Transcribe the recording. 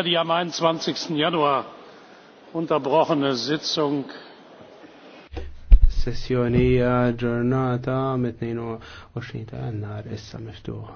die am. einundzwanzig januar unterbrochene sitzung sessjoni ġurnata mit-22 ta' jannar issa